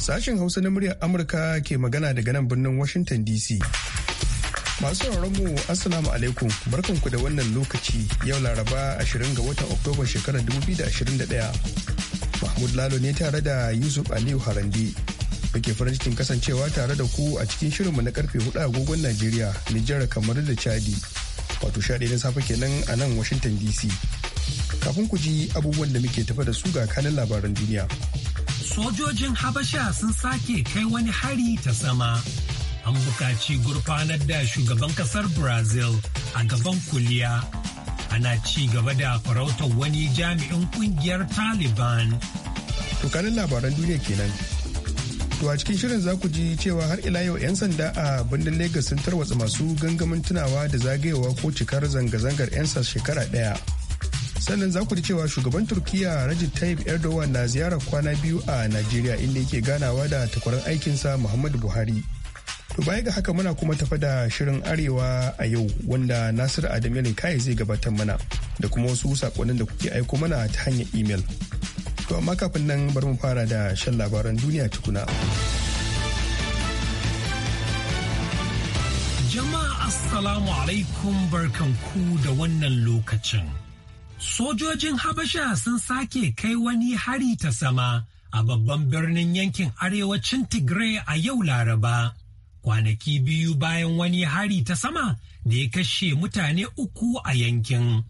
Sashen Hausa na muryar Amurka ke magana daga nan birnin Washington DC. Masu mu Assalamu alaikum barkanku da wannan lokaci yau Laraba 20 ga watan Oktoba shekarar 2021. Mahmud Lalo ne tare da Yusuf Aliyu Harande. Muke farin cikin kasancewa tare da ku a cikin shirinmu na karfe 4 agogon Najeriya, Nijar kamar da Chadi. wato sha na safe kenan a nan washington dc kafin ku ji abubuwan da muke tafa da su ga kanin labaran duniya sojojin habasha sun sake kai wani hari ta sama an bukaci gurfanar da shugaban kasar brazil a gaban kuliya ana ci gaba da farautar wani jami'in kungiyar taliban tukanin labaran duniya kenan To a cikin shirin za ku ji cewa har ila yau 'yan sanda a birnin Legas sun tarwatsa masu gangamin tunawa da zagayewa ko cikar zanga-zangar 'yan shekara ɗaya. Sannan za ku ji cewa shugaban Turkiyya Rajib Tayyip Erdogan na ziyarar kwana biyu a Najeriya inda yake ganawa da takwarar aikinsa Muhammadu Buhari. To baya ga haka muna kuma tafa da shirin Arewa a yau wanda Nasiru Adamu kai zai gabatar mana da kuma wasu sakonnin da kuke aiko mana ta hanyar imel. To amma kafin nan bari mu fara da shan labaran duniya tukuna. Jama'a Assalamu alaikum barkanku da wannan lokacin. Sojojin Habasha sun sake kai wani hari ta sama a babban birnin yankin arewacin Tigray a yau Laraba. Kwanaki biyu bayan wani hari ta sama da ya kashe mutane uku a yankin.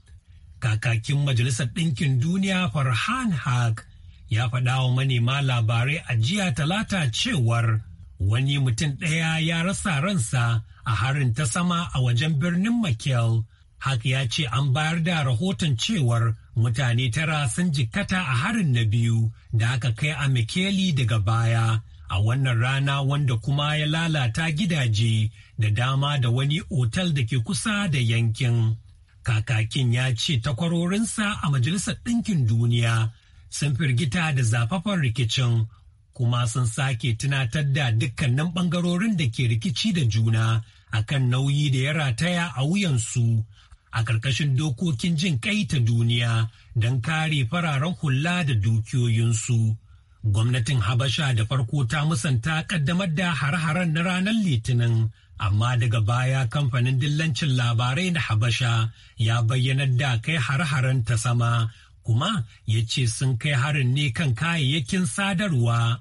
Kakakin Majalisar Ɗinkin Duniya Farhan Haq ya faɗa wa manema labarai a jiya talata cewar wani mutum ɗaya ya rasa ransa a harin ta sama a wajen birnin Makel. Haka ya ce an bayar da rahoton cewar mutane tara sun jikkata a harin na biyu da aka kai a Mikeli daga baya a wannan rana wanda kuma ya lalata gidaje da dama da wani otal da ke kusa da yankin. Kakakin ya ce takwarorinsa a Majalisar Ɗinkin Duniya sun firgita da zafafan rikicin kuma sun sake tunatar da dukkanin bangarorin da ke rikici da juna a kan nauyi da ya rataya a wuyansu a ƙarƙashin dokokin jin kai ta duniya don kare fararen hula da dukiyoyinsu. Gwamnatin Habasha da farko ta musanta ƙaddamar da har-haren na ranar Litinin, amma daga baya kamfanin dillancin labarai na Habasha ya bayyana da kai har-haren ta sama kuma ya ce sun kai harin ne kan kayayyakin sadarwa.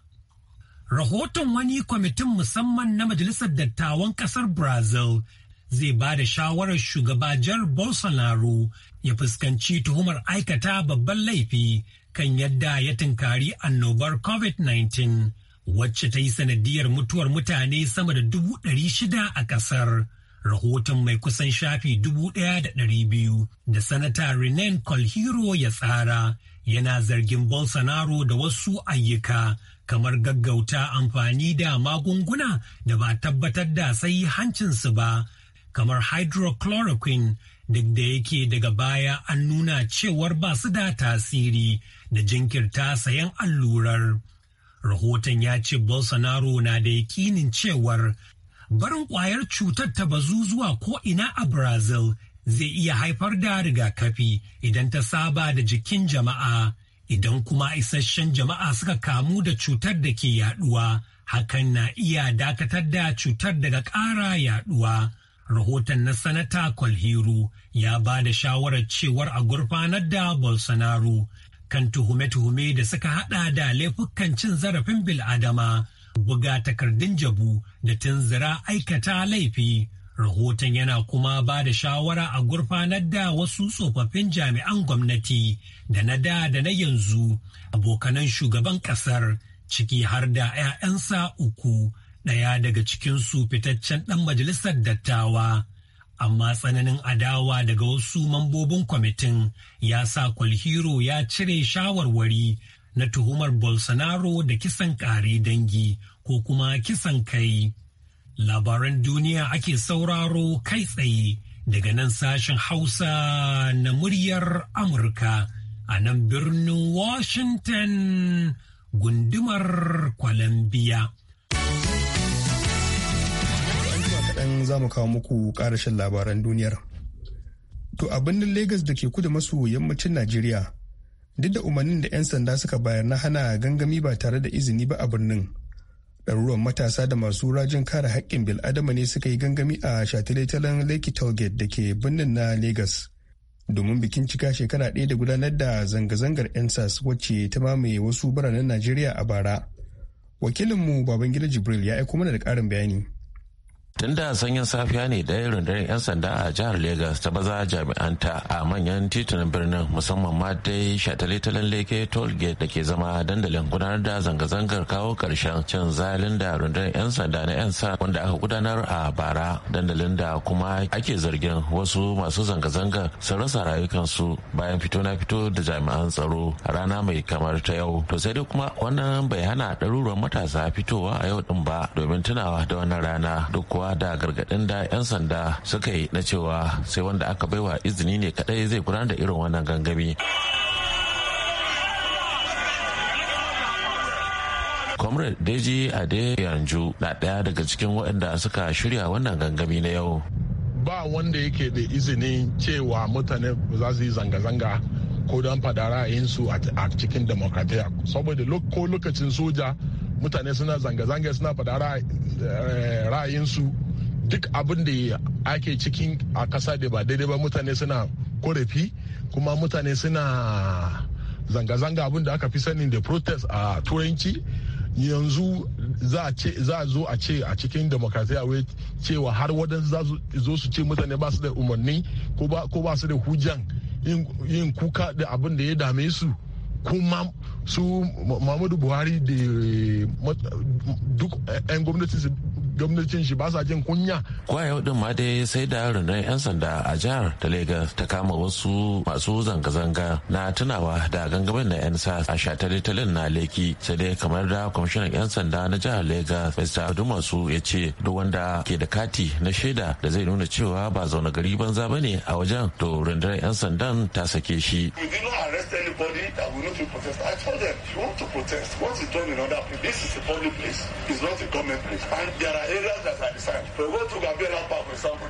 Rahoton wani kwamitin musamman na Majalisar Dattawan Ƙasar Brazil zai ba da shawarar shugaba jar Bolsonaro ya fuskanci tuhumar aikata babban laifi kan yadda ya tunkari annobar COVID-19 wacce ta yi sanadiyar mutuwar mutane sama da dubu ɗari shida a ƙasar. rahoton mai kusan shafi dubu ɗaya da ɗari biyu da sanata renan colhiro ya tsara yana zargin bolsonaro da wasu ayyuka kamar gaggauta amfani da magunguna da ba tabbatar da sai hancinsu ba kamar hydrochloroquine duk da yake daga baya an nuna cewar ba su da tasiri da jinkirta sayan allurar rahoton ya ce bolsonaro na da yakinin cewar barin kwayar cutar ta bazu zuwa ko ina a Brazil zai iya haifar da rigakafi idan ta saba da jikin jama'a idan kuma isasshen jama'a suka kamu da cutar da ke yaduwa hakan na iya dakatar da cutar daga ƙara yaduwa rahoton na sanata kwalhiru ya ba da shawarar cewar a gurfanar da bolsonaro kan tuhume-tuhume da suka hada da laifukan cin zarafin bil'adama buga takardun jabu da tunzura aikata laifi. Rahoton yana kuma ba da shawara a gurfanar da wasu tsofaffin jami'an gwamnati da na da da na yanzu abokanan shugaban kasar ciki har da 'ya'yansa uku ɗaya daga cikinsu fitaccen ɗan majalisar dattawa. Amma tsananin adawa daga wasu mambobin kwamitin ya sa kwalhiro ya cire shawarwari na tuhumar Bolsonaro da kisan ƙare dangi ko kuma kisan kai. Labaran duniya ake sauraro kai tsaye daga nan sashen Hausa na muryar Amurka a nan birnin Washington gundumar Columbia. kaɗan za mu kawo muku ƙarashin labaran duniyar. To a birnin Legas da ke kudu maso yammacin Najeriya, duk da umarnin da 'yan sanda suka bayar na hana gangami ba tare da izini ba a birnin ɗaruruwan matasa da masu rajin kare haƙƙin bil'adama ne suka yi gangami a shataletalen lake tollgate da ke birnin na lagos domin bikin cika shekara ɗaya da gudanar da zanga-zangar 'yan sas wacce ta mamaye wasu biranen najeriya a bara wakilinmu babangida jibril ya aiko mana da ƙarin bayani tun da sanyin safiya ne da irin rundunar 'yan sanda a jihar Legas ta baza jami'anta a manyan titunan birnin musamman ma dai shataletalen leke toll gate da ke zama dandalin gudanar da zanga-zangar kawo karshen cin zalin da rundunar 'yan sanda na 'yan sa wanda aka gudanar a bara dandalin da kuma ake zargin wasu masu zanga-zangar sun rasa rayukansu bayan fito na fito da jami'an tsaro a rana mai kamar ta yau to sai dai kuma wannan bai hana ɗaruruwan matasa fitowa a yau din ba domin tunawa da wannan rana duk kuwa da gargaɗin da 'yan sanda suka yi na cewa sai wanda aka baiwa izini ne kadai zai gudanar da irin wannan gangami. comrade deji ade yanju na ɗaya daga cikin waɗanda suka shirya wannan gangami na yau ba wanda yake da izini cewa mutane za su yi zanga-zanga ko don fada ra'ayinsu a cikin demokratiya saboda ko lokacin soja mutane suna zanga-zanga suna fada eh, ra'ayinsu duk abin da ake cikin a kasa da ba daidai ba mutane suna korafi kuma mutane suna zanga-zanga abin da aka fi sani da protest a turanci yanzu za a zo a ce a cikin demokrasiya wai cewa har waɗansu za zo su ce mutane ba su da umarni ko ba su da hujjan yin kuka da abin da ya dame su kuma su muhammadu buhari da eh, duk eh, 'yan gwamnatinsu gwamnatin shi ba sa jin kunya ko ma dai sai da rundunar yan sanda a jihar ta Legas ta kama wasu masu zanga-zanga na tunawa da gangamin na yan sa a shataletalen na leki sai dai kamar da kwamishinan yan sanda na jihar Legas Mr. Dumasu ya ce duk wanda ke da kati na shaida da zai nuna cewa ba zaune gari banza bane a wajen to rundunar yan sandan ta sake shi This is a public place. It's not a government place. And there are areas that are designed. We go to Gambia Park, for example,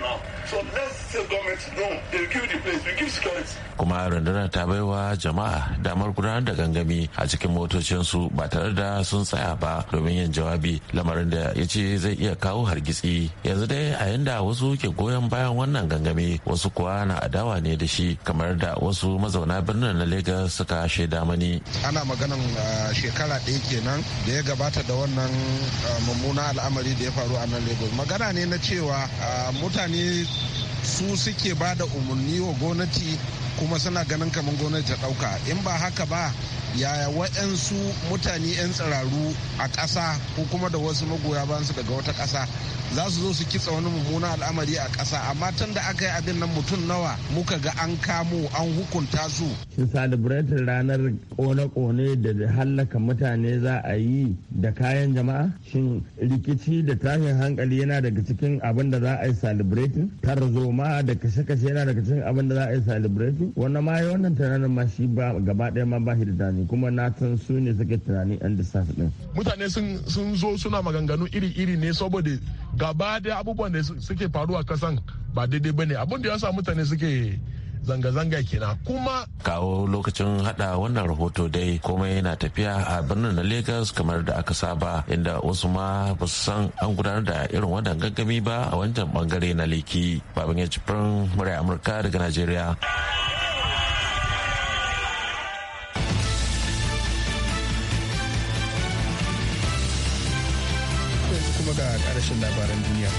kuma rundunar ta baiwa jama'a damar gudanar da gangami a cikin motocinsu ba tare da sun tsaya ba domin yin jawabi lamarin da ya ce zai iya kawo hargitsi yanzu dai a yanda wasu ke goyon bayan wannan gangami wasu kuwa na adawa ne da shi kamar da wasu mazauna birnin na lagos suka shaida mani ana maganan uh, shekara ɗaya kenan da ya gabata da wannan uh, mummuna al'amari da ya faru a nan lagos magana ne na cewa uh, mutane su suke ba da umarni wa gwamnati kuma suna ganin kamar gwamnati ta ɗauka in ba haka ba yaya waɗansu mutane 'yan tsiraru a ƙasa ko kuma da wasu magoya su daga wata ƙasa za su zo su kitsa wani mummunan al'amari a ƙasa amma tun da aka yi abin nan mutum nawa muka ga an kamo an hukunta su. su celebrating ranar kone-kone da hallaka mutane za a yi da kayan jama'a? Shin rikici da tashin hankali yana daga cikin abin da za a yi celebrating? Tarzoma da kashe-kashe yana daga cikin abin da za a yi celebrating? wannan ma wannan tunanin ma shi ba gaba ɗaya ma ba shi da tunani kuma na san su ne suke tunani yan sa din mutane sun zo suna maganganu iri-iri ne saboda gaba da abubuwan da suke faruwa kasan ba daidai bane abin da ya sa mutane suke zanga-zanga kenan kuma kawo lokacin hada wannan rahoto dai komai yana tafiya a birnin na lagos kamar da aka saba inda wasu ma ba su san an gudanar da irin wannan gaggami ba a wancan bangare na leki babin ya murya amurka daga nigeria. labaran duniya.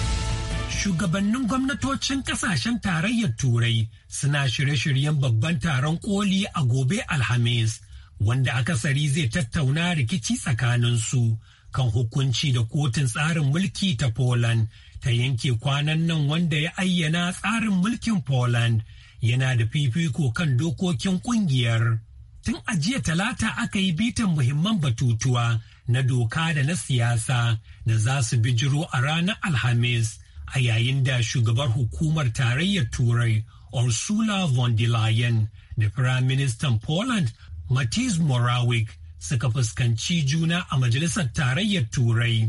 Shugabannin gwamnatocin kasashen tarayyar Turai suna shirye-shiryen babban taron koli a gobe Alhamis, wanda akasari zai tattauna rikici tsakaninsu kan hukunci da kotun tsarin mulki ta Poland ta yanke kwanan nan wanda ya ayyana tsarin mulkin Poland yana da fifiko kan dokokin kungiyar. Tun a jiya talata aka yi bitan muhimman batutuwa na doka da na siyasa da za su bijiro a ranar Alhamis a yayin da shugabar hukumar tarayyar Turai Ursula von der Leyen da Firaministan Poland Matiz Morawik suka fuskanci juna a Majalisar Tarayyar Turai.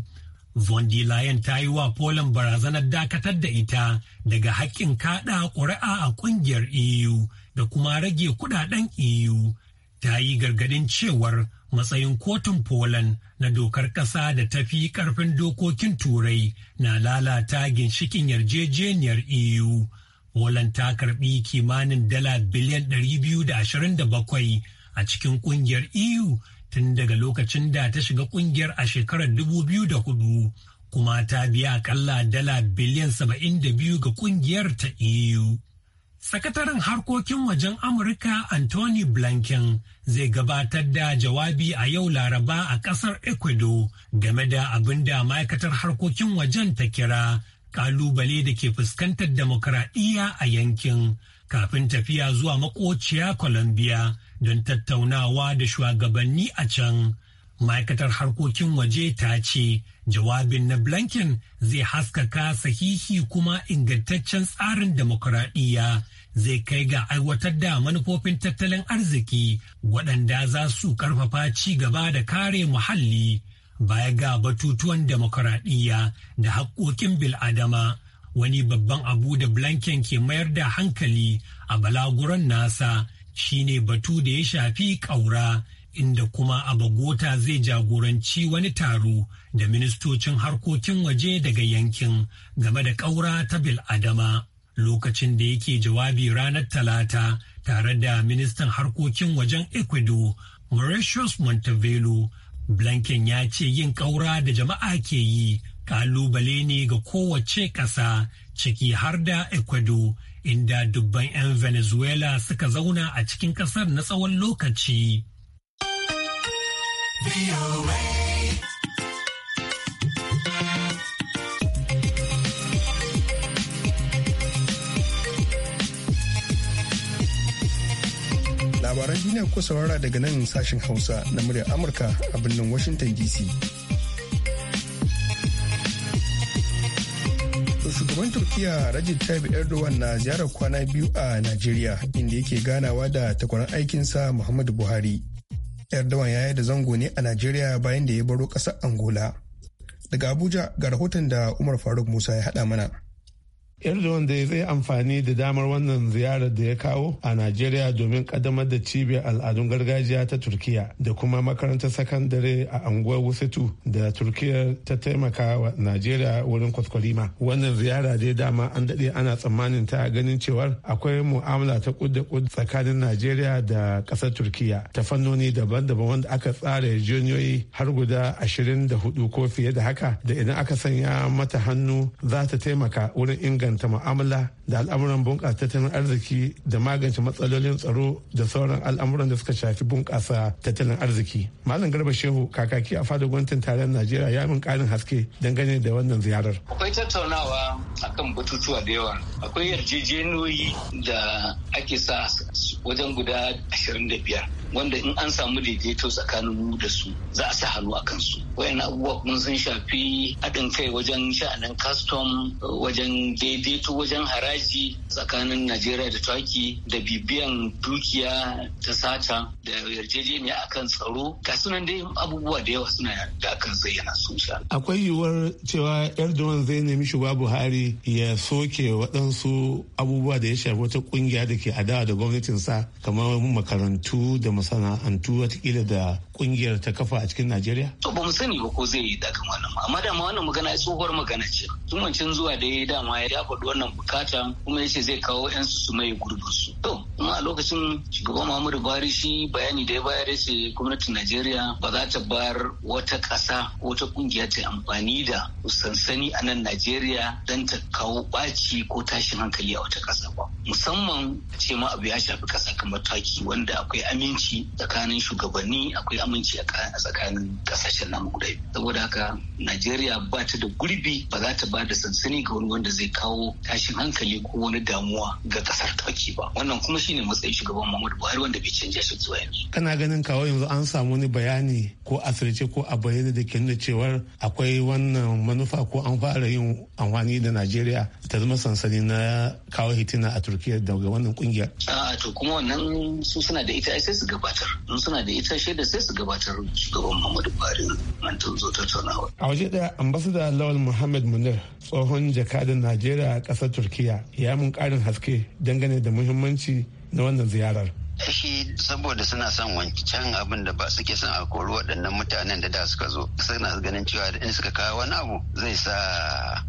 Von der Leyen ta yi wa Poland barazanar dakatar da ita daga haƙƙin kaɗa ƙuri'a a ƙungiyar EU da kuma rage kudaden EU. Ta yi gargadin cewar matsayin kotun Poland na dokar ƙasa da ta fi ƙarfin dokokin turai na lalata ginshikin yarjejeniyar EU. Poland ta karbi kimanin dala biliyan 227 a cikin ƙungiyar EU tun daga lokacin da ta shiga ƙungiyar a shekarar 2004 kuma ta biya akalla dala biliyan 72 ga kungiyar ta EU. Sakataren harkokin wajen Amurka Anthony Blinken zai gabatar da jawabi a yau Laraba a ƙasar Ecuador game da abin da ma'aikatar harkokin wajen ta kira ƙalubale da ke fuskantar demokradiyya a yankin kafin tafiya zuwa makociya Colombia don tattaunawa da shugabanni a can. Ma'aikatar harkokin waje ta ce Jawabin na Blinken zai haskaka sahihi kuma ingantaccen tsarin demokuraɗiyya zai kai ga aiwatar da manufofin tattalin arziki waɗanda za su ƙarfafa ci gaba da kare muhalli baya ga batutuwan demokuraɗiyya da haƙƙoƙin bil'adama. Wani babban abu da Blinken ke mayar da hankali a balaguron nasa shine batu da ya shafi ƙaura inda kuma abagota zai jagoranci wani taro da ministocin harkokin waje daga yankin game da ƙaura ta bil'adama lokacin da yake jawabi ranar talata tare da ministan harkokin wajen ecuador mauritius montevelo blanken ya ce yin ƙaura da jama'a ke yi ƙalubale ne ga kowace ƙasa ciki har da ecuador inda dubban 'yan venezuela suka zauna a cikin ƙasar na tsawon lokaci labaran duniya ko saurara daga nan sashen hausa na muryar amurka a birnin washington dc shugaban turkiya rajin tayyip erdogan na ziyarar kwana biyu a najeriya inda yake ganawa da takwaran aikinsa muhammadu buhari Erdogan ya yi da zango ne a Najeriya bayan da ya baro ƙasar Angola. Daga Abuja ga rahoton da Umar Faruk Musa ya haɗa mana. Erdogan da ya zai amfani da damar wannan ziyarar da ya kawo a Najeriya domin kaddamar da cibiyar al'adun gargajiya ta Turkiya da kuma makarantar sakandare a anguwar Wusatu da Turkiya ta taimaka wa Najeriya wurin kwaskwalima. Wannan ziyara dai dama an daɗe ana tsammanin ta ganin cewar akwai mu'amala ta kud da tsakanin Najeriya da ƙasar Turkiya ta fannoni daban-daban wanda aka tsara yarjejeniyoyi har guda ashirin da hudu ko fiye da haka da idan aka sanya mata hannu za ta taimaka wurin inganta inganta mu'amala da al'amuran bunƙasa tattalin arziki da magance matsalolin tsaro da sauran al'amuran da suka shafi bunƙasa tattalin arziki. Malam Garba Shehu kakaki a fadar gwamnatin tarayyar Najeriya ya min ƙarin haske dangane da wannan ziyarar. Akwai tattaunawa akan batutuwa da yawa. Akwai yarjejeniyoyi da ake sa wajen guda ashirin da biyar. wanda in an samu daidaito tsakanin mu da su za a sa hannu a kansu wayan abubuwa kuma sun shafi haɗin kai wajen sha'anin kastom wajen daidaito wajen haraji tsakanin najeriya da turkey da bibiyan dukiya ta sata da yarjejeniya a kan tsaro ga sunan dai abubuwa da yawa suna da akan zayyana sha. akwai yiwuwar cewa erdogan zai nemi shugaba buhari ya soke waɗansu abubuwa da ya shafi wata ƙungiya da ke adawa da gwamnatinsa kamar makarantu da masana'antu watakila da kungiyar ta kafa a cikin Najeriya? To ba mu sani ba ko zai yi dakan wannan amma dama wannan magana tsohuwar magana ce. Tun zuwa da ya dama ya faɗi wannan bukata kuma ya ce zai kawo 'yan su su mai gurbin su. To kuma a lokacin shugaban Muhammadu Buhari shi bayani da ya bayar ya ce gwamnatin Najeriya ba za ta bar wata ƙasa ko wata kungiya ta amfani da sansani a nan Najeriya don ta kawo ɓaci ko tashin hankali a wata ƙasa ba. Musamman ce ma abu ya shafi ƙasa kamar taki wanda akwai aminci aminci tsakanin shugabanni akwai aminci a tsakanin kasashen namu guda saboda haka najeriya ba ta da gurbi ba za ta ba da sansani ga wani wanda zai kawo tashin hankali ko wani damuwa ga kasar turki ba wannan kuma shine matsayin shugaban muhammadu buhari wanda bai canja shi zuwa yanzu kana ganin kawo yanzu an samu wani bayani ko asirce ko a bayyana da ke nuna cewar akwai wannan manufa ko an fara yin amfani da najeriya ta zama sansani na kawo hitina a turkiya daga wannan kungiyar. a ah, to kuma wannan su suna da ita sai su ga gabatar in suna da ita shaida sai su gabatar shugaban muhammadu buhari nan ta zo tattaunawa a waje daya ambasada lawal muhammad munir tsohon jakadan najeriya a ƙasar turkiya ya mun karin haske dangane da muhimmanci na wannan ziyarar shi saboda suna son wancan abin da ba suke son a kori waɗannan mutanen da da suka zo suna ganin cewa in suka kawo wani abu zai sa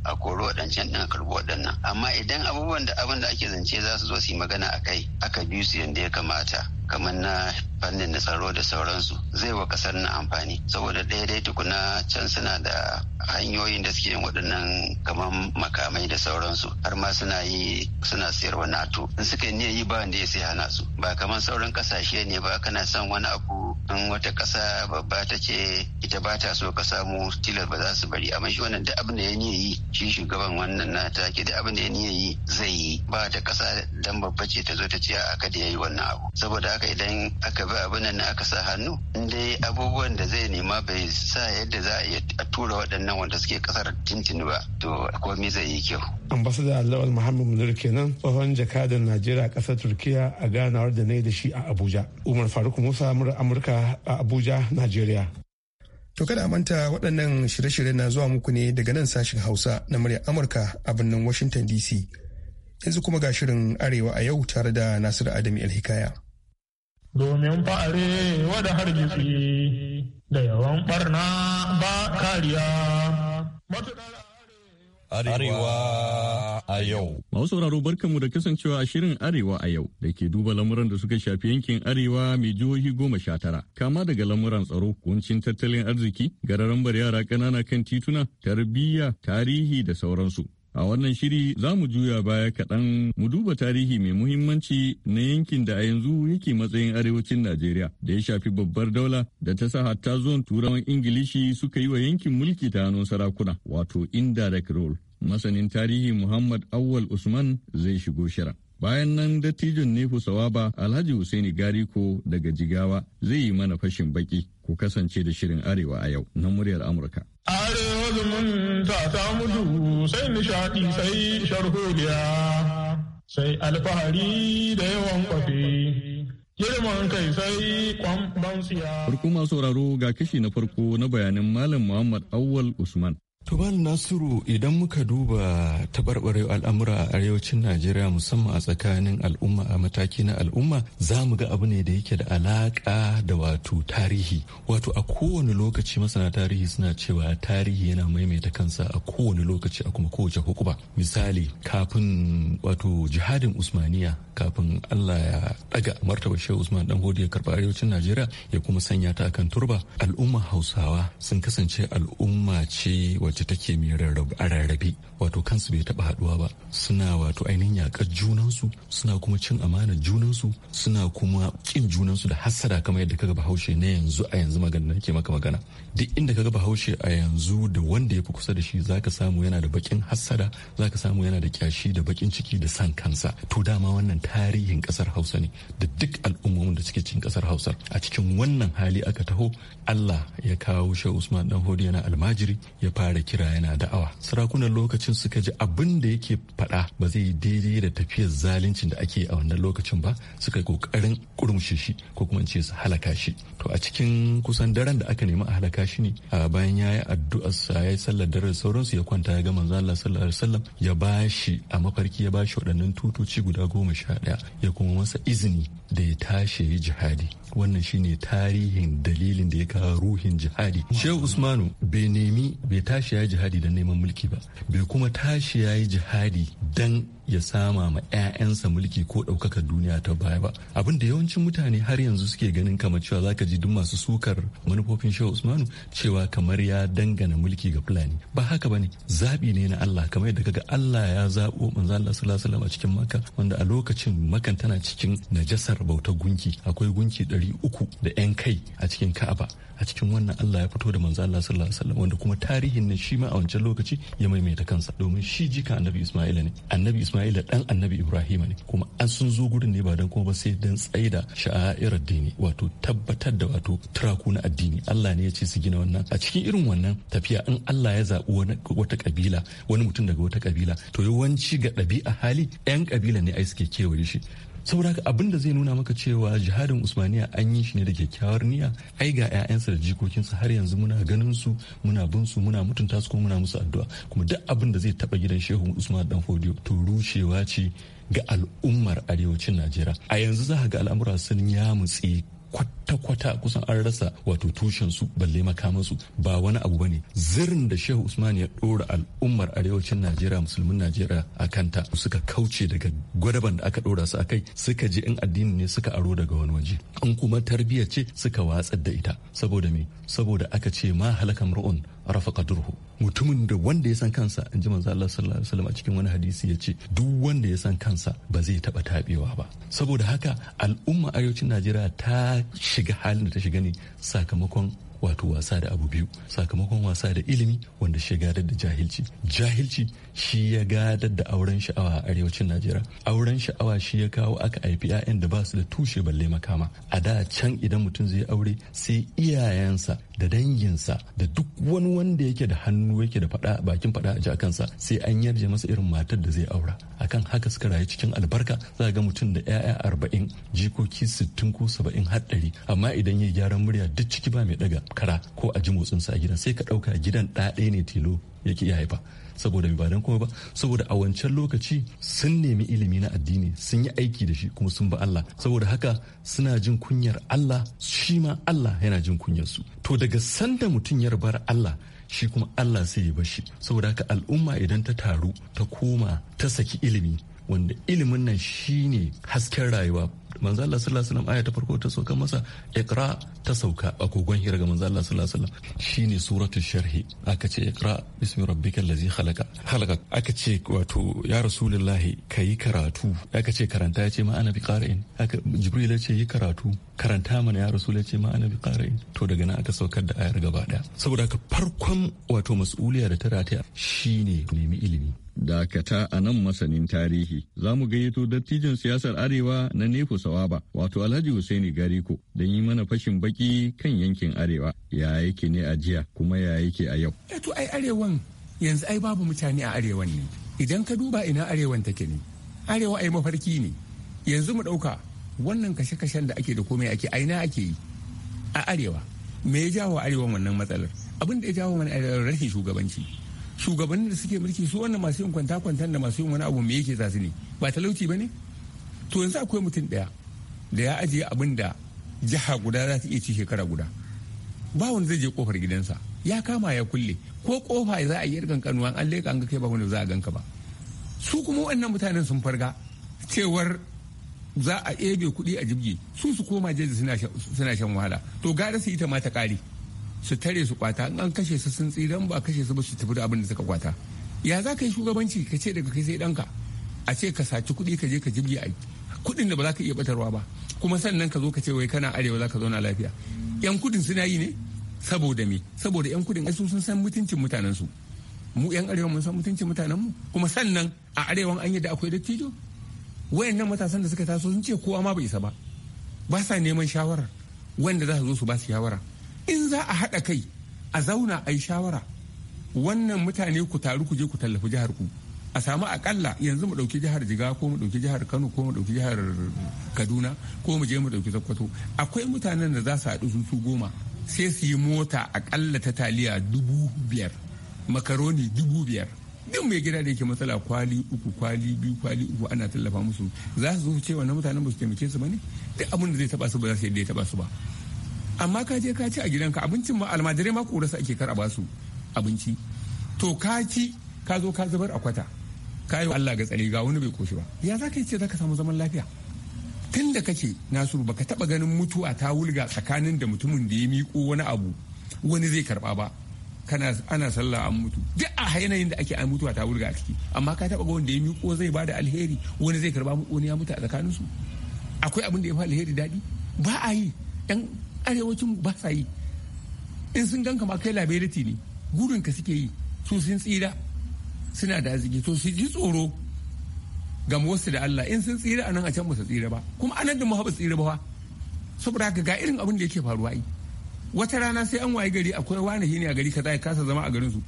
a kori waɗancan ɗin a karbi waɗannan amma idan abubuwan da abin da ake zance za su zo su yi magana a kai aka biyu su yadda ya kamata kamar na fannin da tsaro da sauransu zai wa kasar na amfani saboda ɗaya dai tukuna can suna da hanyoyin da suke yin waɗannan kamar makamai da sauransu har ma suna yi suna sayarwa nato in suka yi yi ba wanda ya sai hana su ba kamar sauran kasashe ne ba kana son wani abu in wata ƙasa babba ta ce ita ba ta so ka samu tilar ba za su bari amma shi wannan duk abin da ya niyayi shi shugaban wannan na ta ke duk abin da ya niyayi zai yi ba ta ƙasa dan babba ce ta zo ta ce a kada ya yi wannan abu saboda haka idan aka bi abin nan aka sa hannu in dai abubuwan da zai nema bai sa yadda za a iya tura waɗannan wanda suke kasar tintini ba to komai zai yi kyau. ambasada lawal muhammad munir kenan tsohon jakadan najeriya kasar turkiya a ganawar da na yi da shi a abuja umar faruk musa mura amurka a abuja najeriya To kada manta waɗannan shirye-shirye na zuwa muku ne daga nan sashin Hausa na murya Amurka a birnin Washington DC. Yanzu kuma ga shirin Arewa a yau tare da Nasiru Adamu Alhikaya. domin fa'are wada hargitsi da yawan barna ba kariya. Arewa a yau. Masu sauraro barkanmu da kasancewa a shirin Arewa a yau da ke duba lamuran da suka shafi yankin Arewa mai jihohi goma sha tara. Kama daga lamuran tsaro, kuncin tattalin arziki, gararambar yara ƙanana kan tituna, tarbiyya, tarihi da sauransu. A wannan shiri za mu juya baya kaɗan mu duba tarihi mai muhimmanci na yankin da a yanzu yake matsayin arewacin Najeriya da ya shafi babbar daula da ta sa hatta zuwan turawan Ingilishi suka yi wa yankin mulki ta hannun sarakuna wato indirect role. Masanin tarihi Muhammad Awwal Usman zai shigo shira Bayan nan dattijon ne Sawaba Alhaji Hussaini Gariko daga Jigawa zai yi mana fashin baki ku kasance da shirin Arewa a yau na muryar Amurka. Arewa! azumin ta mutu sai nishaɗi sai sharhuriya sai alfahari da yawan kwafe. Girman kai sai kwamban siya. Farko masu sauraro ga kashi na farko na bayanin Malam Muhammad Awwal Usman Tubal Nasiru idan muka duba taɓarɓarewa al'amura a arewacin Najeriya musamman a tsakanin al'umma a mataki na al'umma za mu ga abu ne da yake da alaƙa da wato tarihi. Wato a kowane lokaci masana tarihi suna cewa tarihi yana maimaita kansa a kowane lokaci a kuma kowace hukuba. Misali kafin wato jihadin Usmaniya kafin Allah ya ɗaga martaba Shehu Usman dan ya karba arewacin Najeriya ya kuma sanya ta akan turba al'umma Hausawa sun kasance al'umma ce wacce take mai a rarrabe wato kansu bai taba haduwa ba suna wato ainihin yakar junansu suna kuma cin amana junansu suna kuma kin junansu da hassada kamar yadda kaga bahaushe na yanzu a yanzu magana nake maka magana duk inda kaga bahaushe a yanzu da wanda ya fi kusa da shi zaka samu yana da bakin hassada zaka samu yana da kyashi da bakin ciki da san kansa to dama wannan tarihin kasar hausa ne da duk al'ummomin da suke cikin kasar hausa a cikin wannan hali aka taho allah ya kawo shehu usman dan hodi yana almajiri ya fara kira yana da'awa sarakunan lokacin suka ji abin da yake faɗa ba zai daidai da tafiyar zaluncin da ake a wannan lokacin ba suka yi kokarin kurmushe shi ko kuma ce su halaka shi to a cikin kusan daren da aka nemi a halaka shi ne bayan ya yi addu'ar sa ya yi sallar dare sauransu ya kwanta ya ga manzo Allah sallallahu alaihi wasallam ya bashi a mafarki ya ba shi waɗannan tutoci guda goma sha ɗaya ya kuma masa izini da ya tashi ya jihadi wannan shine tarihin dalilin da ya kawo ruhin jihadi shehu usmanu bai nemi bai tashi tashi ya yi jihadi don neman mulki ba bai kuma tashi ya yi jihadi don ya sama ma 'ya'yansa mulki ko ɗaukakar duniya ta baya ba abin da yawancin mutane har yanzu suke ganin kamar cewa za ka ji duk masu sukar manufofin shehu usmanu cewa kamar ya dangana mulki ga fulani ba haka ba ne zaɓi ne na allah kamar yadda kaga allah ya zaɓo manzo allah sallallahu alaihi a cikin maka wanda a lokacin makan tana cikin najasar bautar gunki akwai gunki ɗari uku da 'yan kai a cikin ka'aba a cikin wannan Allah ya fito da manzo Allah sallallahu alaihi wasallam wanda kuma tarihin ne shi ma a wancan lokaci ya maimaita kansa domin shi jika annabi Isma'ila ne annabi Isra'ila dan annabi Ibrahim ne kuma an sun zo gurin ne ba dan kuma ba sai dan tsaida sha'a'ir dini wato tabbatar da wato turaku na addini Allah ne ya ce su gina wannan a cikin irin wannan tafiya in Allah ya zaɓi wata kabila wani mutum daga wata kabila to yawanci ga ɗabi'a hali 'yan kabila ne ai suke kewaye shi saboda haka abin da zai nuna maka cewa jihadin usmaniya an yi shi ne da kyakkyawar niyya ai ga 'ya'yansa da jikokinsa har yanzu muna ganin su muna bin su muna mutunta su kuma muna musu addu'a kuma duk abin da zai taba gidan shehu usman dan fodio to rushewa ce ga al'ummar arewacin najeriya a yanzu za ga al'amura sun ya mutse kwata-kwata kusan an rasa wato tushen su balle makamansu ba wani abu bane zirin da shehu usman ya dora al'ummar arewacin najeriya musulmin najeriya a kanta suka kauce daga gwadaban da aka dora su a kai suka je in addini ne suka aro daga wani waje in kuma tarbiyya ce suka watsar da ita saboda me saboda aka ce ma halakan ru'un rafa kadurhu mutumin da wanda ya san kansa in ji manzo Allah sallallahu alaihi wasallam a cikin wani hadisi ya ce duk wanda ya san kansa ba zai taba tabewa ba saboda haka al'umma arewacin Najeriya ta shiga halin da ta shiga ne sakamakon wato wasa da abu biyu sakamakon wasa da ilimi wanda shi gadar da jahilci jahilci shi ya gadar da auren sha'awa a arewacin najeriya auren sha'awa shi ya kawo aka haifi 'ya'yan da ba su da tushe balle makama a da can idan mutum zai aure sai iyayensa da danginsa da duk wani wanda yake da hannu yake da fada bakin fada a ji kansa sai an yarje masa irin matar da zai aura akan haka suka rayu cikin albarka za ga mutum da 'ya'ya arba'in jikoki sittin ko saba'in haɗari amma idan ya gyaran murya duk ciki ba mai daga kara ko a ji motsinsa a gidan sai ka ɗauka gidan ɗaya ne tilo yake iya haifa saboda mai ba kuma ba saboda a wancan lokaci sun nemi ilimi na addini sun yi aiki da shi kuma sun ba Allah saboda haka suna jin kunyar Allah shi ma Allah yana jin kunyar su to daga sanda mutum ya bar Allah shi kuma Allah sai ya shi saboda haka al'umma idan ta taru ta koma ta saki ilimi wanda ilimin nan shine hasken rayuwa manzo Allah sallallahu alaihi wasallam aya ta farko ta sauka masa iqra ta sauka a kogon hira ga manzo Allah sallallahu alaihi wasallam shine suratul sharhi aka ce iqra bismi rabbika allazi khalaqa khalaqa aka ce wato ya rasulullahi kayi karatu aka ce karanta ya ce ma annabi qari'in aka jibril yace ce yi karatu karanta mana ya rasul yace ma annabi qari'in to daga nan aka saukar da ayar gaba daya saboda haka farkon wato mas'uliya da ta rataya shine nemi ilimi Dakata a nan masanin tarihi za mu gayyato dattijon siyasar Arewa na Nefo Sawaba wato Alhaji Hussaini Gariko don yi mana fashin baki kan yankin Arewa ya yake ne a jiya kuma ya yake a yau. Eto eh ai Arewan yanzu ai babu mutane a Arewan ne idan ka duba ina Arewan take ne Arewa ai mafarki ne yanzu mu ɗauka wannan kashe-kashen da ake da komai ake aina ake yi a Arewa me ya jawo Arewan wannan matsalar abin da ya jawo mana eh, rashin shugabanci shugabannin da suke mulki su wannan masu yin kwanta kwantan da masu yin wani abu me yake zasu ne ba talauci ba ne to yanzu akwai mutum daya da ya ajiye abin da jiha guda za ta iya ci shekara guda ba wani zai je kofar gidansa ya kama ya kulle ko kofa za a yi yarkan kanuwa an leka an ga kai ba wanda za a ganka ba su kuma wannan mutanen sun farga cewar za a ebe kuɗi a jibge su su koma jeji suna shan wahala to gara su ita ma ta kare. su tare su kwata in an kashe su sun tsira ba kashe su ba su tafi da abin da suka kwata ya za ka yi shugabanci ka ce daga kai sai danka a ce ka saci kuɗi ka je ka jibge a kuɗin da ba za ka iya batarwa ba kuma sannan ka zo ka ce wai kana arewa za ka zauna lafiya yan kudin suna yi ne saboda me saboda yan kudin su sun san mutuncin mutanen su mu yan arewa mun san mutuncin mutanen mu kuma sannan a arewan an yadda akwai dattijo wayannan matasan da suka taso sun ce kowa ma bai isa ba ba sa neman shawarar wanda za su zo su ba su shawara in za a haɗa kai a zauna a yi shawara wannan mutane ku taru ku je ku tallafi jihar ku a samu akalla yanzu mu ɗauki jihar jiga ko mu ɗauki jihar kano ko mu ɗauki jihar kaduna ko mu je mu ɗauki sokoto akwai mutanen da za su haɗu su su goma sai su yi mota akalla ta taliya dubu biyar makaroni dubu biyar duk mai gida da yake matsala kwali uku kwali biyu kwali uku ana tallafa musu za su zo cewa na mutanen ba su taimake su ba ne duk abin da zai taba su ba za su yi da ya taba su ba amma ka je ka ci a gidanka abincin ma almajirai ma korasa ake kar a basu abinci to ka ci ka zo ka zubar a kwata ka yi Allah ga tsare ga wani bai koshi ba ya za ka yi ce za ka samu zaman lafiya tun da kake nasiru baka taba ganin mutuwa ta wulga tsakanin da mutumin da ya miƙo wani abu wani zai karba ba kana ana sallah an mutu duk a yanayin da ake an mutuwa ta wulga a ciki amma ka taba ga wanda ya miƙo zai bada alheri wani zai karba wani ya mutu a tsakaninsu akwai abin da ya fi alheri daɗi ba a yi yan arewacin ba sa yi in sun ganka ma kai labarati ne gudun ka suke yi su sun tsira suna da arziki to su ji tsoro ga wasu da Allah in sun tsira anan a can ba su tsira ba kuma anan da mu haɓa tsira ba saboda haka ga irin abin da yake faruwa yi wata rana sai an wayi gari akwai wani ne a gari za ya kasa zama a garin su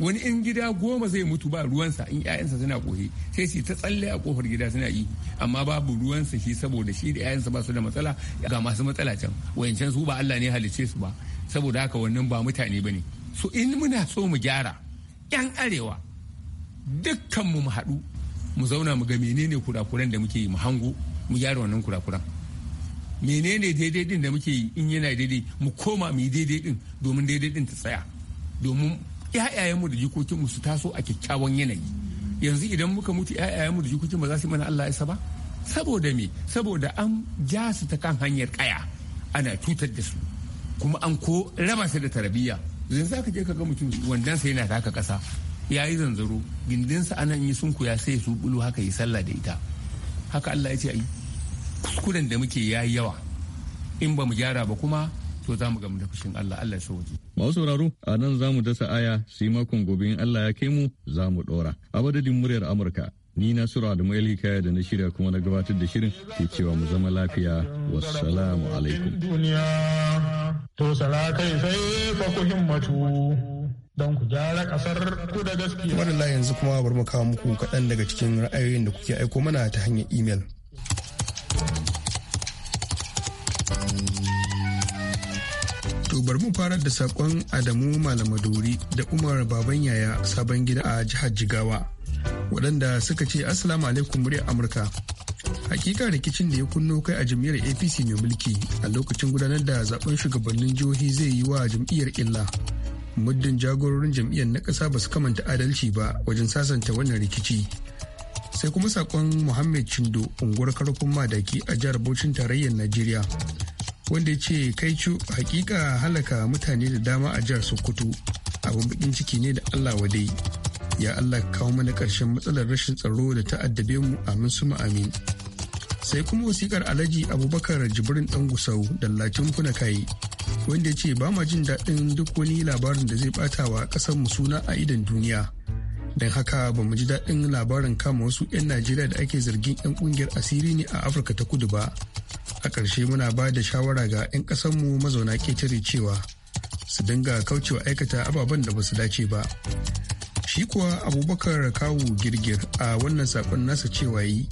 wani in gida goma zai mutu ba ruwansa in 'ya'yansa suna kohe sai su ta tsalle a kofar gida suna yi amma babu ruwansa shi saboda shi da 'ya'yansa ba su da matsala ga masu matsala can wayancan su ba Allah ne halicce su ba saboda haka wannan ba mutane bane so in muna so mu gyara 'yan arewa Dukkan mu haɗu mu zauna mu ga menene kurakuran da muke yi mu hango mu gyara wannan kurakuran menene daidai din da muke yi in yana daidai mu koma mu yi daidai din domin daidai din ta tsaya domin mu da jikokinmu su taso a kyakkyawan yanayi yanzu idan muka mutu 'ya'yayenmu da jikokinmu za su mana Allah ya saba saboda me saboda an ja su ta kan hanyar kaya ana cutar da su kuma an ko raba su da tarbiyya yanzu ka je ka ga mutum wandansa yana taka kasa ya yi zanzaro gindinsa anan yi kuya sai su bulu haka yi sallah da ita haka Allah ya ce ai kuskuren da muke yayi yawa in ba mu gyara ba kuma to za mu gamu da fushin Allah Allah ya waje. Masu sauraro a nan za mu dasa aya sai makon gobe in Allah ya kai mu za mu ɗora. A madadin muryar Amurka ni na sura da mai da na shirya kuma na gabatar da shirin ke cewa mu zama lafiya wassalamu alaikum. To ku himmatu don ku gyara kasar ku da gaskiya. Madalla yanzu kuma bari mu kawo muku kaɗan daga cikin ra'ayoyin da kuke aiko mana ta hanyar imel. To bari mu fara da saƙon Adamu Malamadori da Umar Baban Yaya sabon gida a jihar Jigawa. Waɗanda suka ce Assalamu alaikum muryar Amurka. Hakika rikicin da ya kunno kai a jam'iyyar APC mai mulki a lokacin gudanar da zaben shugabannin jihohi zai yi wa jam'iyyar illa. Muddin jagororin jam'iyyar na ƙasa ba su kamanta adalci ba wajen sasanta wannan rikici. Sai kuma saƙon Muhammad Chindo unguwar karfin madaki a jihar Bauchin tarayyar Najeriya. wanda ya ce kai cu hakika halaka mutane da dama a jihar sokoto abin bakin ciki ne da allah wadai ya allah kawo mana karshen matsalar rashin tsaro da ta addabe mu amin suma amin sai kuma wasikar alhaji abubakar jibrin dan gusau da latin kuna kai wanda ya ce ba ma jin daɗin duk wani labarin da zai ɓata wa ƙasar mu suna a idan duniya don haka ba mu ji daɗin labarin kama wasu 'yan najeriya da ake zargin 'yan ƙungiyar asiri ne a afirka ta kudu ba a ƙarshe muna ba da shawara ga 'yan ƙasanmu mazauna ƙetare cewa su dinga kaucewa aikata ababen da ba su dace ba shi kuwa abubakar kawu girgir a wannan saƙon nasa cewa yi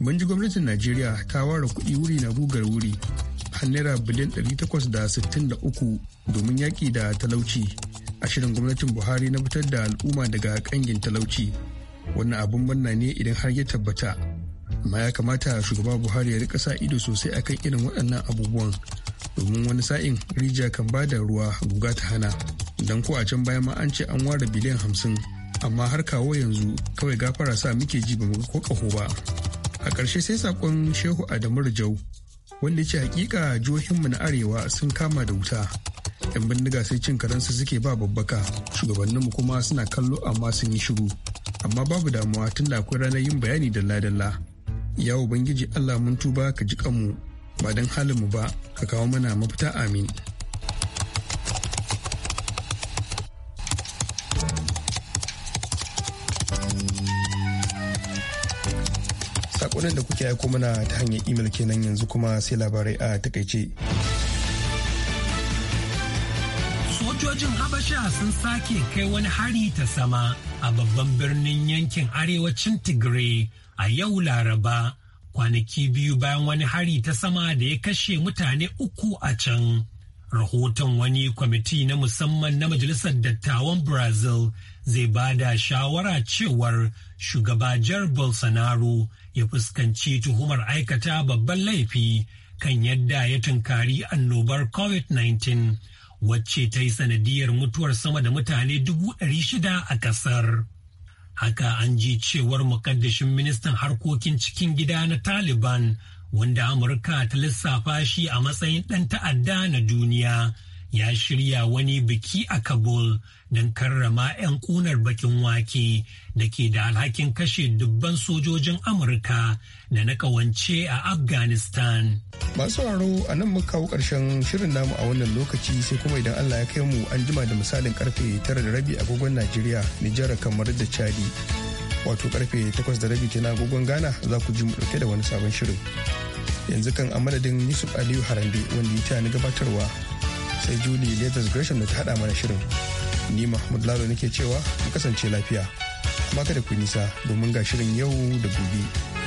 mun ji gwamnatin najeriya ta ware kuɗi wuri na gugar wuri har naira biliyan uku domin yaƙi da talauci a shirin gwamnatin buhari na fitar da al'umma daga ƙangin talauci wannan abin manna ne idan har ya tabbata amma ya kamata shugaba buhari ya rika sa ido sosai akan irin waɗannan abubuwan domin wani sa'in rijiya kan ba da ruwa guga ta hana don ko a can baya ma an ce an ware biliyan hamsin amma har kawo yanzu kawai gafara sa muke ji ba ga ko kaho ba a ƙarshe sai sakon shehu adamu rijau wanda ce hakika jihohinmu na arewa sun kama da wuta yan bindiga sai cin karansu suke ba babbaka shugabanninmu kuma suna kallo amma sun yi shiru amma babu damuwa tun da akwai ranar yin bayani dalla-dalla ya ubangiji allah mun tuba ka ji kanmu ba don halinmu ba ka kawo mana mafita amin sakonin da kuke aiko mana ta hanyar imel kenan yanzu kuma sai labarai a takaice. Sojojin Habasha sun sake kai wani hari ta sama a babban birnin yankin arewacin Tigray a yau Laraba kwanaki biyu bayan wani hari ta sama da ya kashe mutane uku a can. Rahoton wani kwamiti na musamman na Majalisar Dattawan Brazil zai ba da shawara cewar shugaba Jar Bolsonaro ya fuskanci tuhumar aikata babban laifi kan yadda ya tunkari annobar COVID-19. wacce ta yi sanadiyar mutuwar sama da mutane dubu ɗari shida a ƙasar. Haka an ji cewar mukaddashin ministan harkokin cikin gida na Taliban wanda Amurka ta lissafa shi a matsayin ɗan ta'adda na duniya ya shirya wani biki a Kabul don karrama 'yan kunar bakin wake da ke da alhakin kashe dubban sojojin Amurka da na kawance a Afghanistan. Masu sauraro a nan muka kawo ƙarshen shirin namu a wannan lokaci sai kuma idan Allah ya kai mu an jima da misalin karfe tara da rabi agogon Najeriya, Nijar kamar da Chadi. Wato karfe takwas da rabi agogon Ghana za ku ji mu ɗauke da wani sabon shirin. Yanzu kan a madadin Yusuf Aliyu Harande wanda ya ta ni gabatarwa sai juli Letters Gresham da ta haɗa mana shirin. Ni Mahmud Lalo nake cewa mu kasance lafiya. Amma kada ku nisa domin ga shirin yau da gobe.